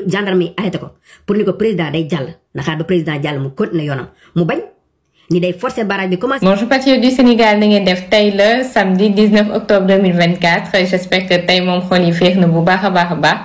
pour gendarme yi arrêté ko pour ni ko président day jàll na ba président jàll mu continuer yoonam mu bañ ni day forcer barrage bi commencé. bonjour Sénégal na ngeen def tey la samedi 19 octobre 2024 j'espère que tey moom xool yi féex na bu baax a baax a baax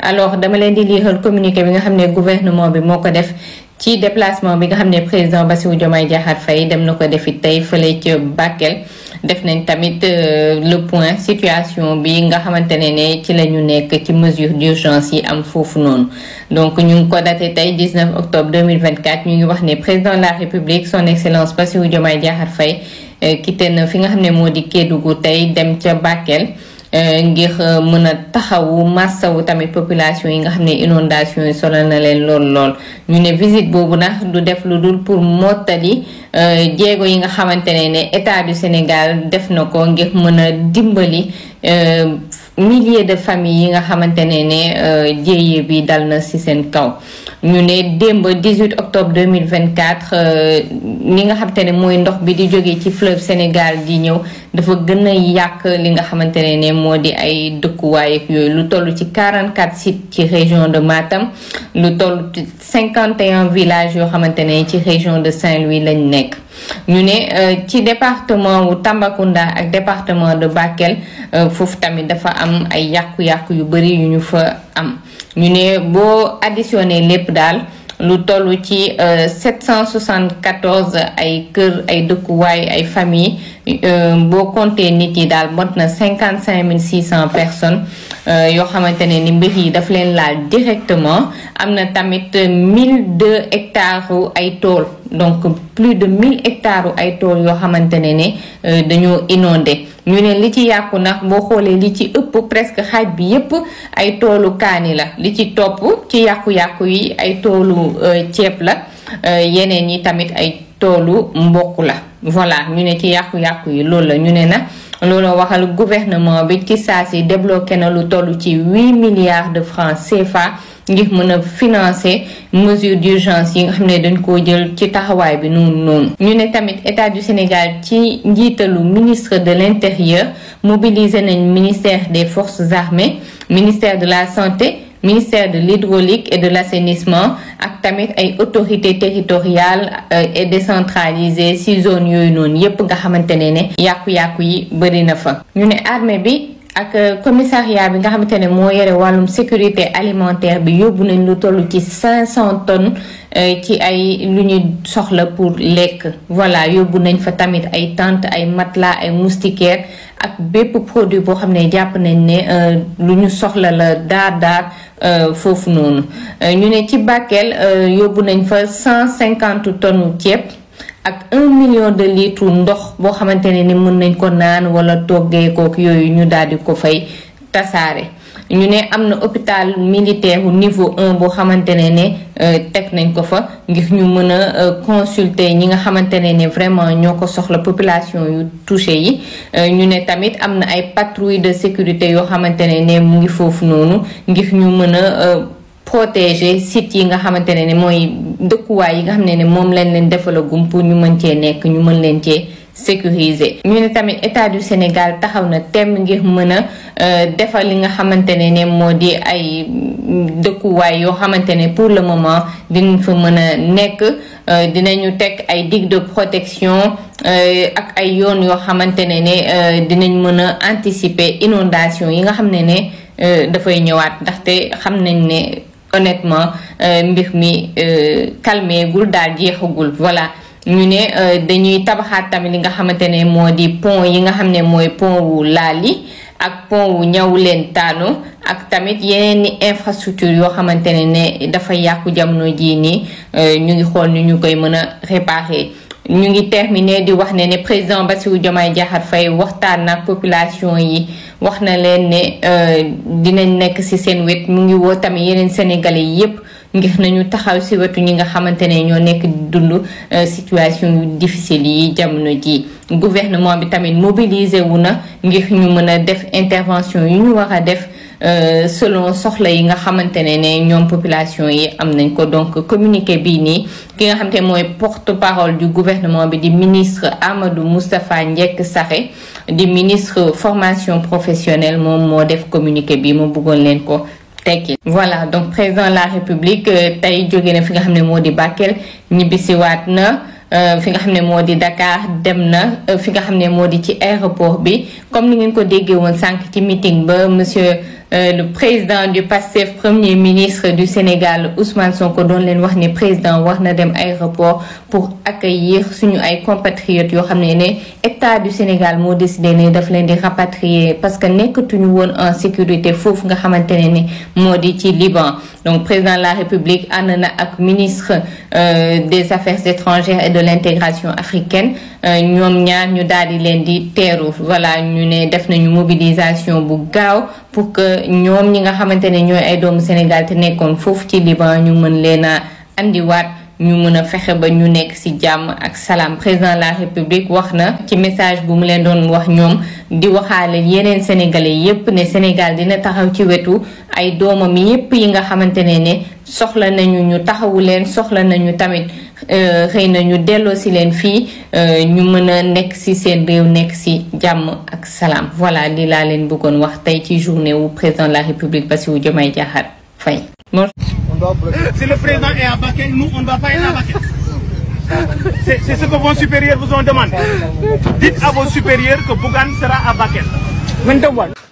alors dama leen di liixal communiqué bi nga xam ne gouvernement bi moo ko def. ci déplacement bi nga xam ne président Bassirou Diomaye Diakhar Faye dem na ko defi tey fële ca Bakel. def nañ tamit euh, le point situation bi nga xamante ne ne ci la ñu nekk ci mesure d'urgence yi am foofu noonu donc ñu ngi ko daté tey 19 octobre 2024 ñu ngi wax ne président de la république son excellence Bassirou Diomaye Diakhar Faye euh, quitté na fi nga xam ne moo di Kédougou tey dem ca Bakel ngir euh, mën a taxawu wu tamit population yi nga xam ne inondation yi solo na leen lool lool ñu ne visite boobu nag du def lu dul pour mottali euh, jéego yi nga xamante ne ne état du Sénégal def na ko ngir mën a dimbali Euh, milliers de familles yi nga xamante ne ne euh, jéye bi dal na ci seen kaw ñu ne démb 18 octobre 2024 li euh, nga xamante ne mooy ndox bi di jóge ci fleuve Sénégal di ñëw dafa gën a yàq li nga xamante ne ne moo di ay dëkkuwaay yooyu lu toll ci quarante 44 sites ci région de Matam lu toll ci 51 villages yoo xamante ne ci région de Saint-Louis lañ nekk ñu ne euh, ci département wu Tambacounda ak département de Bakel euh, foofu tamit dafa am ay yàqu-yàqu yu bari yu ñu fa am ñu ne boo additionné lépp daal lu toll ci 774 euh, ay kër ay dëkkuwaay ay famille boo compté nit yi daal mot na 55 600 personnes Euh, yoo xamante ne ni mbir yi daf leen laal directement am na tamit mille deux hectares ay tool donc plus de mille hectares ay tool yoo xamante ne ne euh, dañoo inondé ñu ne li ci yàqu nag boo xoolee li ci ëpp presque xaaj bi yépp ay toolu kaani la li ci topp ci yàqu-yàqu yi ay toolu euh, ceeb la yeneen yi tamit ay toolu mbokk la voilà ñu ne ci yàqu-yàqu yi loolu la ñu ne nag loolu waxal gouvernement bi ci si débloqué na lu toll ci huit milliards de francs CFA ngir mën a financer mesure d'urgence yi nga xam ne dañ koo jël ci taxawaay bi noonu noonu. ñu ne tamit état du Sénégal ci njiitalu ministre de l'intérieur mobilisé nañ ministère des forces armées ministère de la santé. ministère de l'hydraulique et de l'assainissement ak tamit ay autorités territoriales euh, et décentralisées ci zone yooyu noonu yépp nga xamante ne ne yàqu-yàqu yi bëri na fa ñu ne armée bi ak euh, commissariat bi nga xamante ne moo yore wàllum sécurité alimentaire bi yóbbu nañ lu tollu ci cinq cent tonnes euh, ci ay lu ñu soxla pour lekk voilà yóbbu nañ fa tamit ay tente ay matelas ay moustiquaires ak bépp produit boo xam ne jàpp nañ ne euh, lu ñu soxla la daar daar foofu noonu ñu ne ci Bakel yóbbu nañ fa cent 150 tonnes ceeb. ak un million de litres ndox boo xamante ne ni mën nañ ko naan wala toggee kook yooyu ñu daal di ko fay tasaare ñu ne am na hôpital militaire niveau un boo xamante ne ne euh, teg nañ ko fa ngir ñu mën a euh, consulter ñi nga xamante ne ne vraiment ñoo ko soxla population yu touché yi euh, ñu ne tamit am na ay patrouille de sécurité yoo xamante ne ne mu ngi foofu noonu ngir ñu mën a protéger sites yi nga xamante ne ne mooy dëkkuwaay yi nga xam ne ne moom leen leen defalagum pour ñu mën cee nekk ñu mën leen cee sécuriser. ñu ne tamit état du Sénégal taxaw na temm ngir mën a euh, defal li nga xamante ne ne moo di ay dëkkuwaay yoo xamante ne pour le moment dinañ fa mën a nekk. Euh, dinañu teg ay digue de protection euh, ak ay yoon yoo xamante ne ne dinañ mën a anticiper inondation yi nga xam ne ne dafay ñëwaat ndaxte xam nañ ne honnêtement euh, mbir mi euh, calmé gul daal jeexagul voilà ñu ne euh, dañuy tabaxaat tamit li nga xamante ne moo di pont yi nga xam ne mooy pont wu laal yi ak pont wu ñaw leen taanu ak tamit yeneen ni infrastructure yoo xamante ne ne dafa yàqu jamono jii nii ñu ngi xool nu ñu koy mën a réparer. ñu ngi terminé di wax ne ne président ba si wu Diomaye Diakhar fay waxtaan nag population yi. wax na leen ne euh, dinañ nekk ci seen wet mu ngi woo tamit yeneen sénégalais yépp ngir nañu taxaw ci wetu ñi nga xamante ne ñoo nekk dund euh, situation yu difficile yi jamono ji gouvernement bi tamit mobilisé wu na ngir ñu mën a def intervention yu ñu war a def Euh, selon soxla yi nga xamante ne ne ñoom population yi am nañ ko donc communiqué bii nii ki nga xamante ne mooy porte parole du gouvernement bi di ministre amadu Moustapha njekk Saxé di ministre formation professionnelle moom moo def communiqué bi mu bëggoon leen ko tekki voilà donc président de la république euh, tey jóge na fi nga xam ne moo di Bakel ñibbisiwaat na euh, fi nga xam ne moo di dakaar dem na fi nga xam ne moo di ci aéroport bi comme ni ngeen ko déggee woon sànq ci meeting ba monsieur Euh, le président du PASTEF premier ministre du Sénégal Ousmane Sonko doon leen wax ne président war na dem aéroport pour accueillir suñu ay compatriotes yoo xam ne ne état du Sénégal moo décidé ne daf leen di rapatrier parce que nekkatuñu woon en sécurité foofu nga xamante ne ni moo di ci Liban donc président la République ànd na ak ministre euh, des affaires étrangères et de l'intégration africaine euh, ñoom ñaar ñu daal di leen di teeru voilà ñu ne def nañu mobilisation bu gaaw ñoom ñi nga xamante ne ñooy ay doomu Sénégal te nekkoon foofu ci Liban ñu mën leen a andiwaat ñu mën a fexe ba ñu nekk ci jàmm ak salaam président la république wax na ci message bu leen doon wax ñoom di waxaale yeneen sénégalais yépp ne Sénégal dina taxaw ci wetu ay doomam yépp yi nga xamante ne ne soxla nañu ñu taxawu leen soxla nañu tamit euh, xëy na ñu delloo si leen fii euh, ñu mën a nekk si seen réew nekk si jàmm ak salaam voilà li laa leen bëggoon wax tey ci journée wu président la république Bassirou Diomaye Diakhar Faye Si le président est à Bakel, nous, on ne va pas être à Bakel. C'est ce que vos supérieurs vous ont demandé. Dites à vos supérieurs que Bougane sera à Bakel.